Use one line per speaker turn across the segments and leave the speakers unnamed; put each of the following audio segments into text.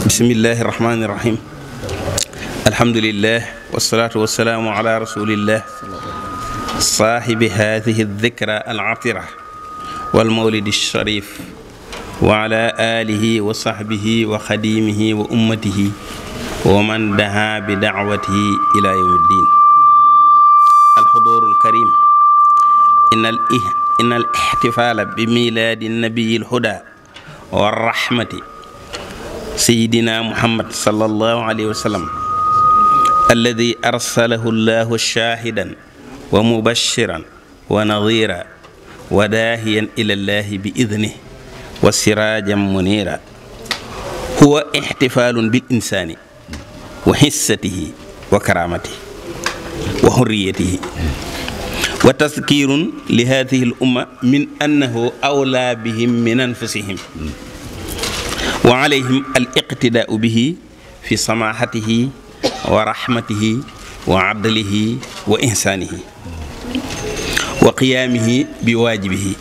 bismillaahi rahmaani rahiim alhamdulilah wasalaatu wasalaamu ala rasulillah saaxibi haadihi dikra al atira wal mawlidi sharif wa ala aalihi wa saxbihi wa xadiimihi wa ummatihi wa man daha bi dacwatihi ila yawmi ddiin alxuduuru alkarim in al ixtifaala bi miilaadi nabiyi alhuda wa rahmati sayidina muhammad sallallahu alayhi wa sallam alladi arsalahu llahu shaahidan wa mubashiran wa nadira wa daahiyan ila llahi bi idni wa siraajan munira huwa ixtifaalun bil insaani wa xissatihi wa karaamatihi wa xurriyatihi wa taskiirun li haadihi al umma min annahu awlaa bihim min anfusihim wa alayhim al iqtidaau bihi fi samaahatihi wa rahmatihi wa adlihi wa ihsaanihi wa qiyaamihi bi waajibihi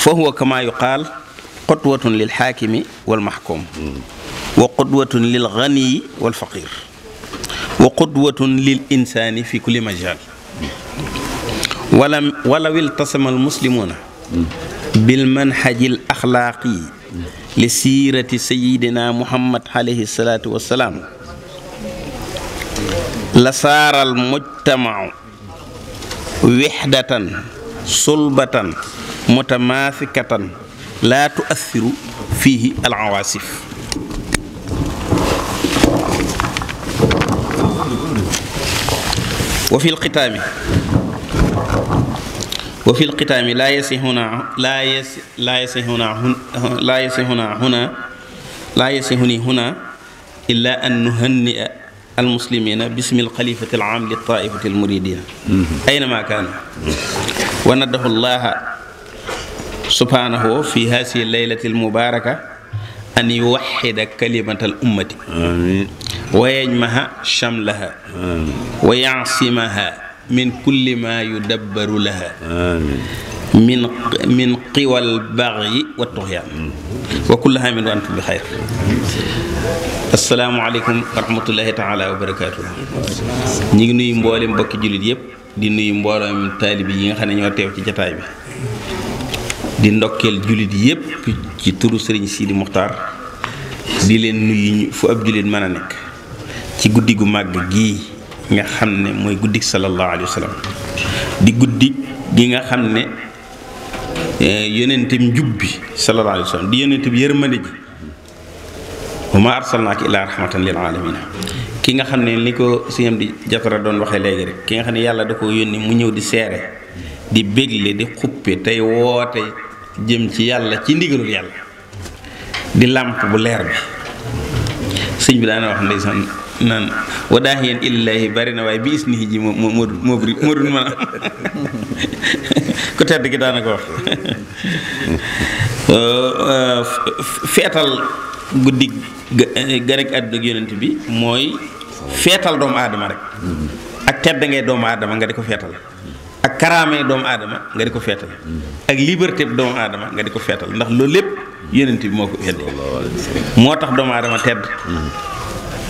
fa huwa kama yuqaal qudwatun lil xaakimi wal maxkum wa qudwatun lil ganiyi wal faqir wa qudwatun lil insaani fi kulli majaal wala walaw iltasama al muslimuuna bil manhajil axlaaqi li siirati sayidina muhammad alayhi salaatu la saaral mujtamau wixdatan sulbatan mutamaasikatan laa tuassiru fiihi al awaasif wa fi lxitaami laa yasihuna laa yas laa yasihuna laa yasihuna huna laa yasihuni huna illa an nuhannia almuslimina bismi alxalifati alaam li taifati almuridina mm-hmm. aynama kaana wa naddahu llaha subhanahu fi hasihi leylati almubaraka an yuwaxida kalimata al ummati wa yajmaha shamlaha wa yasimaha min kulli maa yudabbaru laha min min xiwal baax yi wa tuxyaan wa kulli aamin wa bi xayr asalaamaaleykum wa rahmatullahi taala wa ngi nuyu mboolem mbokki yëpp di nuyu mboolem taalibi yi nga xam ne ñoo teew ci jataay bi di ndokkeel jullit yëpp ci turu sëriñ Sidi Muxtaar di leen nuyu fu ab jullit mën a nekk ci guddi gu màgg gii nga xam ne mooy guddik sallallahu alayhi wa di guddi gi nga xam ne eh, yonente bi njub bi sallallahu alayhi wa sallam di yonente bi yërmande ji wa ma arsalnaaka illaa rahmatan lil aalamiin ki nga xam ne ni ko sëñam di jatara doon waxe léegi rek ki nga xam ne yàlla da ko yónni mu ñëw di seere di bégle di xuppe tey woote jëm ci yàlla ci ndigalul yàlla di làmp bu leer bi sëñ bi daana wax ndeysaan naan wa daahiyan ilallaahi bari na waaye bi ni ji moo moo moo moo dul mën a ku tedd gi daana wax feetal guddi gane àdduna ak bi mooy feetal doomu aadama rek ak tedd ngay doomu adama nga di ko feetal ak karaamee doomu aadama nga di ko feetal ak liberté bi doomu aadama nga di ko feetal ndax loolu lépp yonent bi moo ko indi moo tax doomu aadama tedd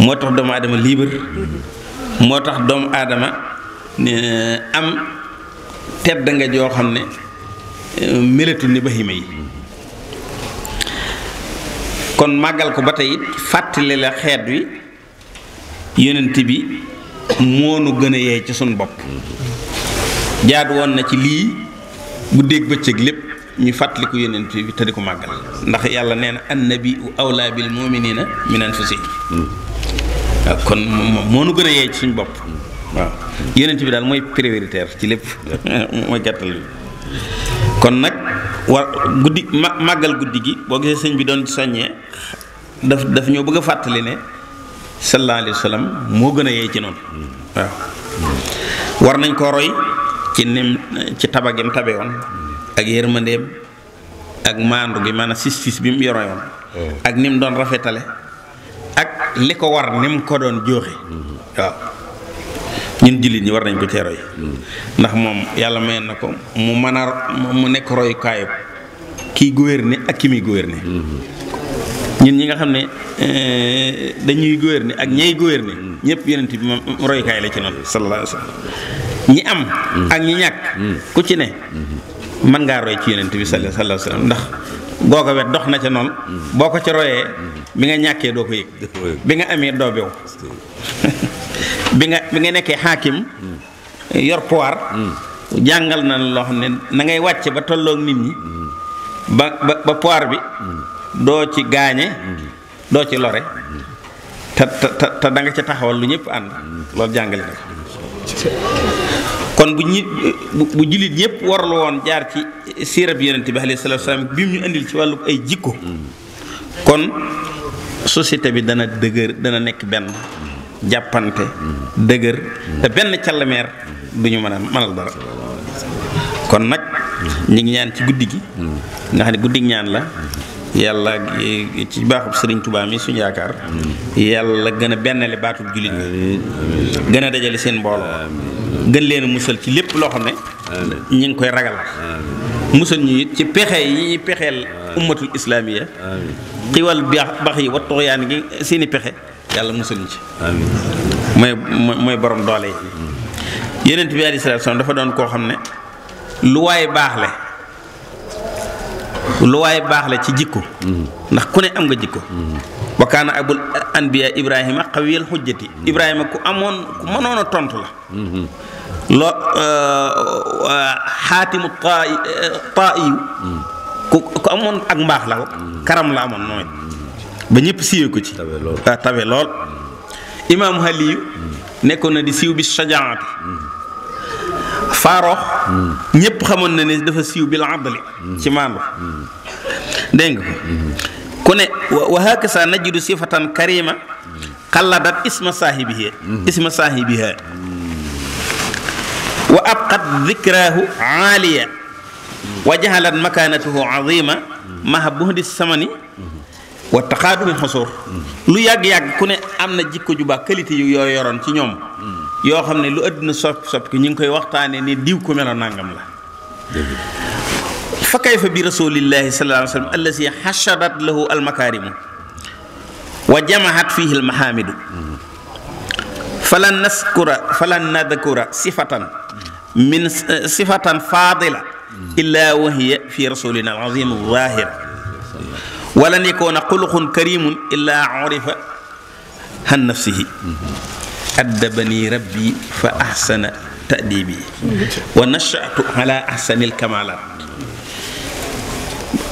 moo tax doomu aadama libre moo tax doomu aadama eh, am tedd nga joo xam ne eh, meletul ni bahima yi kon màggal ko ba tey it fàttali la xeet wi yonent bi moonu gën a yeey ci sunu bopp jaadu woon na ci lii guddeeg bëccëg lépp ñu fàttaliku yonent bi te di ko màggal ndax yàlla nee na annabi awlaa bil muminina min anfusihim kon moom moo nu gën a yeey ci suñu bopp waaw yonent bi daal mooy prioritaire ci lépp mooy gàttal bi kon nag war guddi ma guddi gi boo gisee sëñ bi doon soññee daf daf ñoo bëgg a fàttali ne sallallahu alayhi wa sallam moo gën a yeey ci noonu waaw hmm. war nañ ko roy ci nim ci tabagim tabe woon ak yërmandeem ak maandu gi maanaam sis sis bi mu yoroyoon hmm. ak nim doon rafetale ak li ko war ni mu ko doon jooxe waaw ñun jullit ñi war nañ ko cee roy ndax moom yàlla may na ko mu mën a mu nekk roy kaayu kiy gouverner ak ki muy gouverner ñun ñi nga xam ne eh, dañuy gouverner ak ñay gouverner ñëpp yonent bi moom roykaay la ci noonu sallallahu alayhi wa ñi am ak ñi ñàkk mm. ku ci ne mën ngaa roy ci yonent bi sallallahu alayhi wa sallam ndax googa wet dox na ca noonu mm. boo ko ci royee bi nga ñàkkee doo ko yëg bi nga amee doo bew bi nga bi nga nekkee xaakim hmm. yor pouvoir hmm. jàngal na loo xam ne na ngay wàcce ba tolloog nit ñi hmm. ba ba ba pouvoir bi doo ci gaañe doo ci lore te te danga da ca taxawal lu ñëpp ànd loolu jàngale na kon bu ñi bu jullit ñëpp warlu woon jaar ci siirab yonent bi alayhi salaatu wa salaam bi mu ñu indil ci wàllu ay jikko kon société bi dana dëgër dana nekk benn jàppante dëgër te benn càllameer du ñu mën a mënal dara kon nag ñu ngi ñaan ci guddi gi nga xam ne guddi ñaan la yàlla ci baaxub sëriñ tubaam mi suñu yaakaar yàlla gën a bennale baatul jullit ñi gën a dajale seen mbooloo gën leen a musal ci lépp loo xam ne ñu ngi koy ragal musal ñu it ci pexe yi ñuy pexeel ummatul islaamiya xiwal bax yi wa toxyaan gi seeni pexe yàlla musal ñu ci mooy mooy borom doole yi hmm. yonent bi alayhi salaatu dafa doon koo xam ne lu waaye baax le lu waay baax le ci jikko hmm. ndax ku ne am nga jikko hmm. wa kaana abul anbiya ibrahima xawiyal xujjati ibrahima ku amoon ku mënoon tontu la loo eh, eh, xaatimu taa taa ku ku amoon ak mbaax la karam la amoon moom ba ñëpp siiwee ko ci tabe ah, lool imaamu Aliyu nekkoon na di siiw bi sajaati faarox ñëpp xamoon na ne dafa siiw bil adli ci maandu dégg nga ko ku ne wa hakasa sifatan karima xalladat isma saahibiha isma saahibiha wa abqat dikraahu aaliya wa jahalat makaanatuhu azima maha wa taxaadumi xosuur lu yàgg-yàgg ku ne am na jikko ju baax yu yoo ci ñoom yoo xam ne lu àdduna soppi soppi ñu ngi koy waxtaane ni diw ko melo nangam la fa kayfa bi rasulillahi sallallahu alayhi wa sallam allasi xasharat lahu almakaarimu wa jamahat fihi almahaamidu falan naskura falan nadkura sifatan min eh, sifatan fadila illa wahiya fi rasulina alazim alzahir walan yakuna xuluqun karimun illa urifa han nafsihi addabani rabbi fa ahsana ta'dibi wa nachatu ala ahsanil kamalat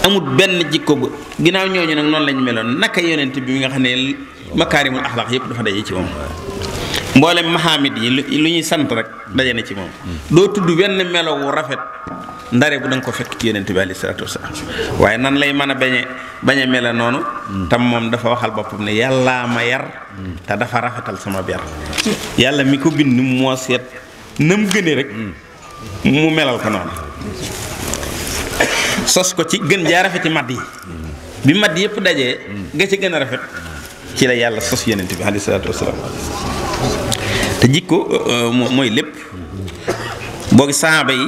amul benn jikko bu ginnaaw ñooñu nag noonu lañ meloon naka yonent bi nga xam ne makaarimul axlaq yëpp dafa daje ci moom mboolem mahamid yi lu ñuy sant rek daje na ci moom doo tudd wenn melo wu rafet ndare bu da ko fekk ci yonent bi aleyhi salaatu wasalaam waaye nan lay mën a bañe bañe mela noonu mm. tam moom dafa waxal boppam ne yàlla ma yar mm. te dafa rafetal sama ber yàlla mi ko bind moo seet nëm gëne rek mm. mu melal ko noonu sos ko ci gën jaa rafeti madd yi bi madd yëpp dajee ga ci gën a rafet ci la yàlla sos yonent bi aleyhi salaatu wasalaam te jikko euh, mooy lépp boo gi saxaaba yi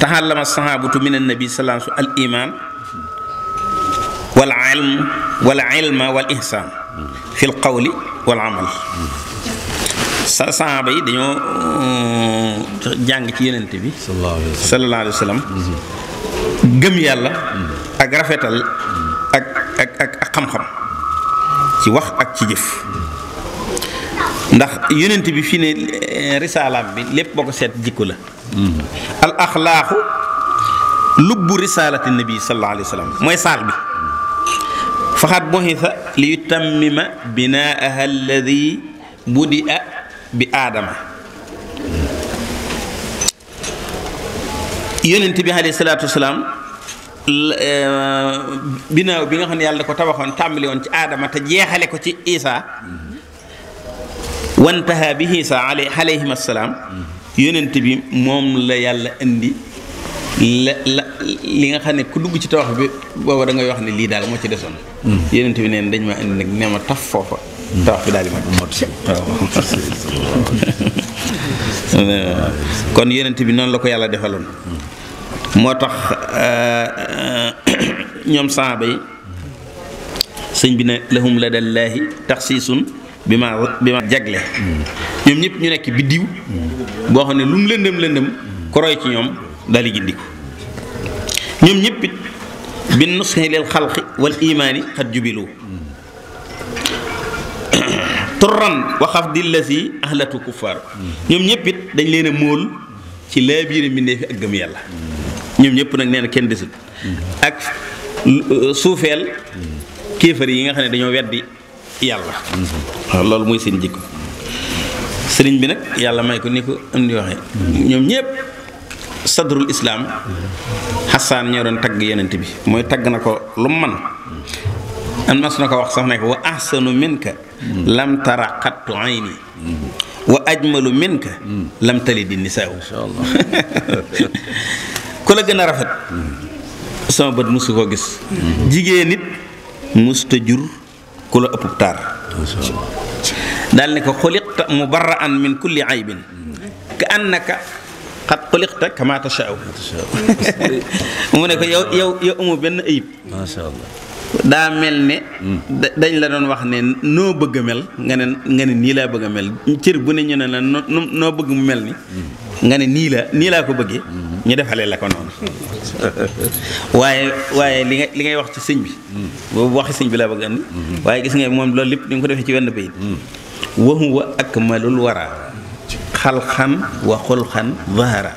taxallama saxaabatu min annabi salaam su al iman wal ilm wal ilma wal ihsaan fi l qawli wal amal sa saxaaba yi dañoo euh, jàng ci yenent bi sallallahu alayhi wa gëm yàlla ak rafetal ak ak ak xam-xam ci wax ak ci jëf ndax yonent bi fii ne eh, risaalaam bi lépp boo ko seet jikko la mm-hmm. al axlaaqu lubbu risaalati nabi sallallahu mooy saal bi faxat buxisa li yutammima aadama yonent bi salaatu wasalaam eh, binaaw bi nga xam ne yàlla ko tabaxoon tàmbali woon ci aadama te jeexale ko ci isaa wantaha bi Iisaa alayhim salaam yonent bi moom la yàlla indi la la li nga xam ne ku dugg ci tawax bi booba da ngay wax ne lii daal moo ci desoon mm. yonent bi neen dañ ma indi nag nee ma taf foofa mm. tawax bi daal yi mat kon yonent bi noonu la ko yàlla defaloon mm. moo tax euh, ñoom saaba yi sëñ bi ne lahum ladallaahi taxsiisun bi ma bi ma jagle ñoom ñëpp ñu nekk biddiw boo xam ne lu mu lëndëm lëndëm ku ci ñoom daal di gindiku ñoom ñëpp it bi nuskhi lil xalqi wal imaani xat jubilu turran waxaf di ahlatu kuffar ñoom ñëpp it dañ leen a móol ci laa biira ak gëm yàlla ñoom ñëpp nag nee kenn desut ak uh, suufeel mm. kéefar yi nga xam ne dañoo weddi yàlla waaw loolu mooy seen jikko sëriñ bi nag yàlla may ko ni ko am di waxee ñoom ñëpp sadrul islaam xasaan ñoo doon tagg yonent bi mooy tagg na ko lu man am mas na ko wax sax ne ko wa ahsanu minka ajmalu minka lam talidi nisaa ku la gën a rafet sama bët mosu koo gis jigéen nit mosuta ku la ëpp taar daal ne ko xuliqta mubarraan min kulli aybin ka annaka xat xuliqta kama tashaaw mu ne ko yow yow yow amu benn ayib daa mel ne mm. dañ la doon wax ne noo bëgg a mel nga ne nga nii laa bëgg mel cër bu ne ñu la noo bëgg mu mel ni mm. nga ne nii laa nii laa ko bëggee mm. ñu defalee la ko noonu waaye waaye li nga li ngay wax ci sëñ bi boobu waxi sëñ bi laa bëgg andi waaye gis nga moom loolu lépp ni nga ko defee ci wenn bayit wahuwa akmalul wara xalxan wa xulxan zahara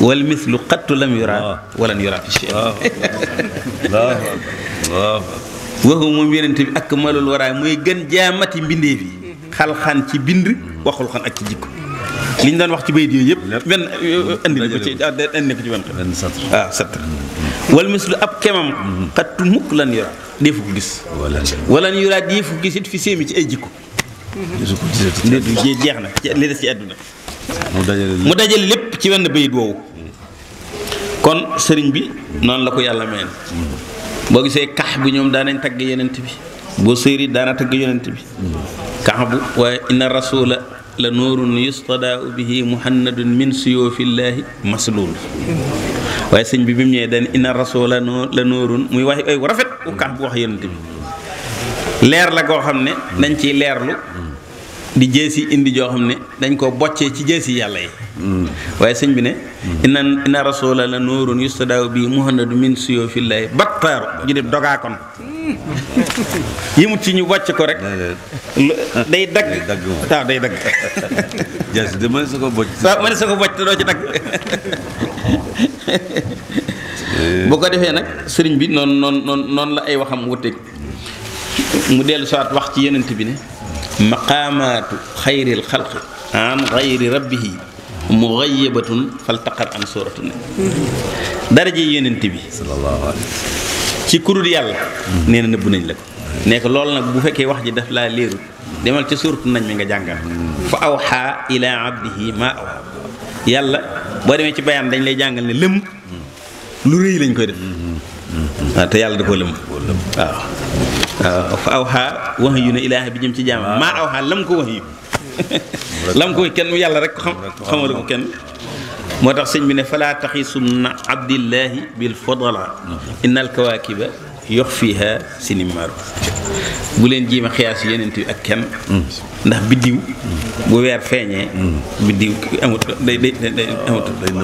wal mislu xattu lam yura walan yura fi waxu moom yonent bi akmalul wara muy gën jaamati mbindeef yi xalxan ci bind wa xulxan ak ci jikko li ñu daan wax ci bayit yooyu yëpp. wenn euh, euh, indi ah, ko ci indi ko ci benn xel. benn satr waaw ah, satr ab kemam. xattu mukk lan yoraat deefu ko gis. wala ñu yoraat deefu ko gis it fi séemi ci ay jikko. jeex na li des ci àdduna. mu dajale lépp ci wenn bayit woowu. kon sëriñ bi noonu la ko yàlla mayoon boo gisee kax bi ñoom daanañ tagg yonent bi boo séeri daana tagg yonent bi kax bu waaye inna rasula la nuurun yustadaa bihi muhammadun min suyuufillaahi masluul waaye sëñ bi bi mu ñëwee dañ inna rasula la nuurun muy wax ay rafet u bu wax yonent bi leer la koo xam ne dañ ciy leerlu di jëesi indi joo xam ne dañ ko boccee ci jëesi yàlla yi waaye sëñ bi ne inna inna rasula la nuurun yustadaa bihi muhammadun min suyuufillaahi battaaru ju dem dogaa yëmut ci ñu wàcc ko rek. day dagg day dagg waaw day dagg. sa ko bocc. waaw te doo ci dagg. Eh. boo ko defee nag sëriñ bi noonu noonu la ay waxam wuteeg mu dellu soit wax ci yenent bi ne maqaamaatu xayril xalqi an xayri rabbihi mugayabatun faltaqar an suratun mm-hmm. daraje yenent bi ci kurut yàlla nee na nëbb nañ la ko nekk lool nag bu fekkee wax ji daf laa léerul demal ca suurtu nañ mi nga jàngal fa awxaa ilaa abdihi maa awxaa yàlla boo demee ci bayaan dañ lay jàngal ne lëm lu rëy lañ koy def waaw te yàlla da koo lëm waaw waaw fa awxaa wax yu ne ilaaha bi jëm ci jaamam maa awxaa lam ko wax yu lam ko kenn yàlla rek ko xam xamala kenn moo tax sëñ bi ne falaa taxisum na abdillahi bil fadala innal kawaakiba yox fiiha sinimaaru bu leen jiima xiyaas yenent yu ak kenn ndax biddiw bu weer feeñee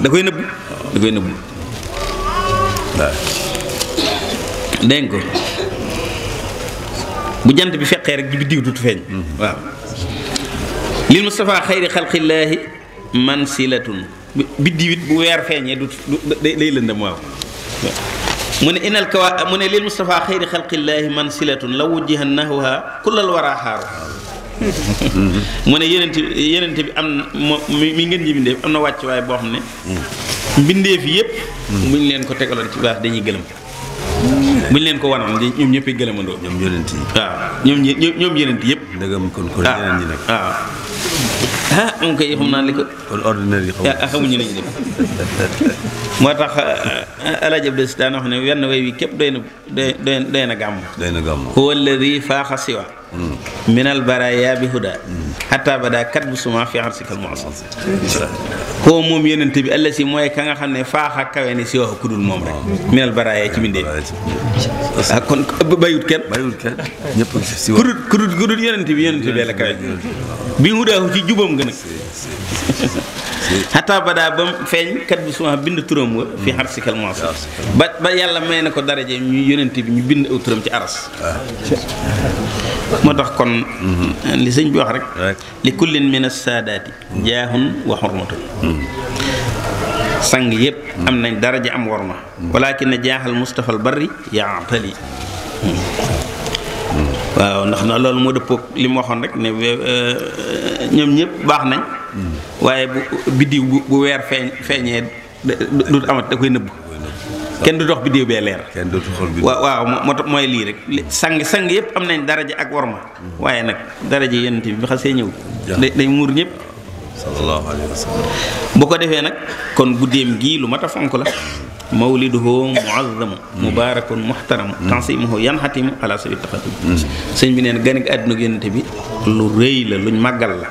da koy nëbbu da koy nëbbu waaw bu jant bi feqee rek biddiw dut feeñ waaw lil mustapha xayri xalqillaahi mansilatun biddiw it bu weer feeñee du day lëndëm waaw mu ne inal kawa mu ne lil Mustafa xayri xalqillaahi man silatun la wujjiha nahwaha kullal wara xaaru mu ne yenente yenente bi am na moo mi ngeen ji mbindeef am na wàccuwaay boo xam ne mbindeef yépp bu ñu leen ko tegaloon ci baax dañuy gëlëm bu ñu leen ko wanoon ñoom ñëpp gëlëmandoo ñoom yenente yi waaw ñoom ñoom yenente yépp ndegam kon kon ah, yeneen ñi nag waaw ah. ah moom kay xam naa li ko. wala ordinaire yi xamuñu lañu def moo tax eh, Alaaji Abdu Si daan wax ne wenn way wi képp doy na doy na gàmm. doy na gàmm huwa alladi faaxa siwa minal baraaya bi huda xataa bada kat bu suma fi arsikal muasal koo moom yonent bi àlla si mooy ka nga xam ne faaxa kawe ne si wax kudul moom rek minal baraaya ci bindee ah, kon bayut kenn bayut kenn ñëpp si kudul kudul bi yonent bi la kawe bi huda ci jubam nga nag xataa badaa ba mu feeñ kat bi suma bind turam wa fi xarsikal hmm. moos ba ba yàlla may na ko daraje ñu yonent bi ñu bind aw turam ci aras ah. moo tax kon hmm. li sëñ bi wax rek li kullin min as-saadaati jaahun wa xurmatun hmm. sang yëpp am nañ daraja am war ma walakin na jaaxal mustafal bari yaatali waaw ndax na loolu moo dëppoog li mu waxoon rek ne euh, ñoom ñëpp baax nañ waaye bu biddiw bu weer feeñ feeñee du amat da koy nëbb kenn du dox biddiw bee leer waaw waaw moo tax mooy lii rek sang sang yëpp am nañ daraja ak ma mm-hmm. waaye nag daraja yonent bi bi xasee ñëw day muur ñëpp sallallahu ko defee nag kon guddeem gii lu mat a la mawliduhu muazzamu mubarakun muhtaramu mm-hmm. tansimuhu yanxatimu ala sabi taxatum mm-hmm. sëñ bi neen gan ak àdduna yonent bi lu rëy la luñ màggal la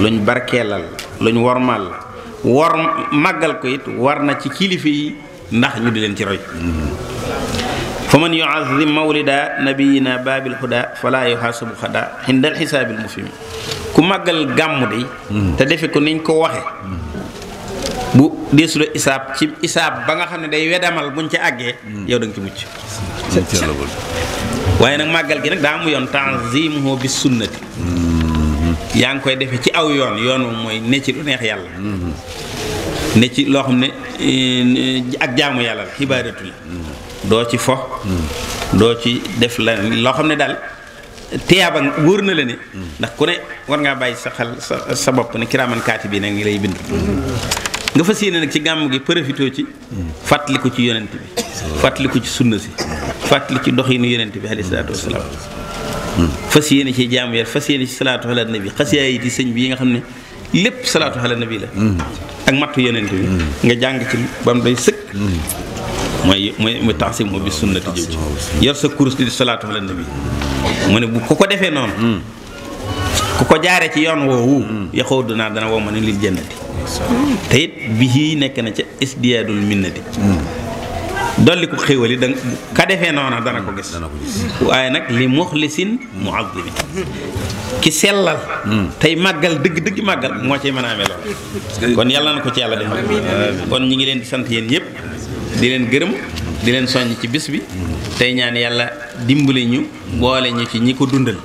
luñ barkeelal luñ wormal war màggal ko it war na ci kilifa yi ndax ñu di leen ci roy fa man yuazim mawlida nabiyina baabil huda fala yuhasabu xada xindal xisaabil mufim ku màggal gàmm de hmm. te defe ko niñ ko waxe bu deesu la isaab ci isaab ba nga xam ne day wedamal buñ ci àggee hmm. yow da nga ci mucc waaye nag màggal gi nag daa mu yoon tanzimuhu bi sunnati hmm. yaa ngi koy defee ci aw yoon yoon moom mooy ne ci neex yàlla ne ci loo xam ne eh, ak jaamu yàlla la xibaaratu doo ci fo doo ci def la loo xam ne daal tiyaaba wóor na la ne ndax ku ne war ngaa bàyyi sa xel sa sa bopp ne kiraaman kaati bi nag ngi lay bind nga fas yéene nag ci gàmm gi profitoo ci fàttaliku ci yonent bi fàttaliku ci sunna si fàttali ci dox yi nu yonent bi alayhi salaatu wasalaam fas yéene ci jaamu yàlla fas yéene ci salaatu ala nabi xasiyaa yi di sëñ bi yi nga xam ne lépp salaatu ala nabi la mm. ak mattu yeneen bi mm. nga jàng ci ba mu doy sëkk mm. mooy mooy mooy taxsim bi sunnati jëw ci yor sa kurus di salaatu ala nabi mu ne bu ku ko defee noonu ku ko jaaree ci yoon woowu yaxoo du naa dana wow ma ne lil jannati bi it bi nekk na ca isdiyaadul minnati dolli ko xéwal da ka defee noona dana ko gis waaye nag li muxlisin muazzimi ki sellal hmm. tey màggal dëgg dëgg màggal moo ciy mën a amee lool kon yàlla na ko ci yàlla def kon ñi ngi leen di sant yéen ñëpp di leen gërëm di leen soññ ci bis bi hmm. tey ñaan yàlla dimbali ñu boole ñu ci ñi ko dundal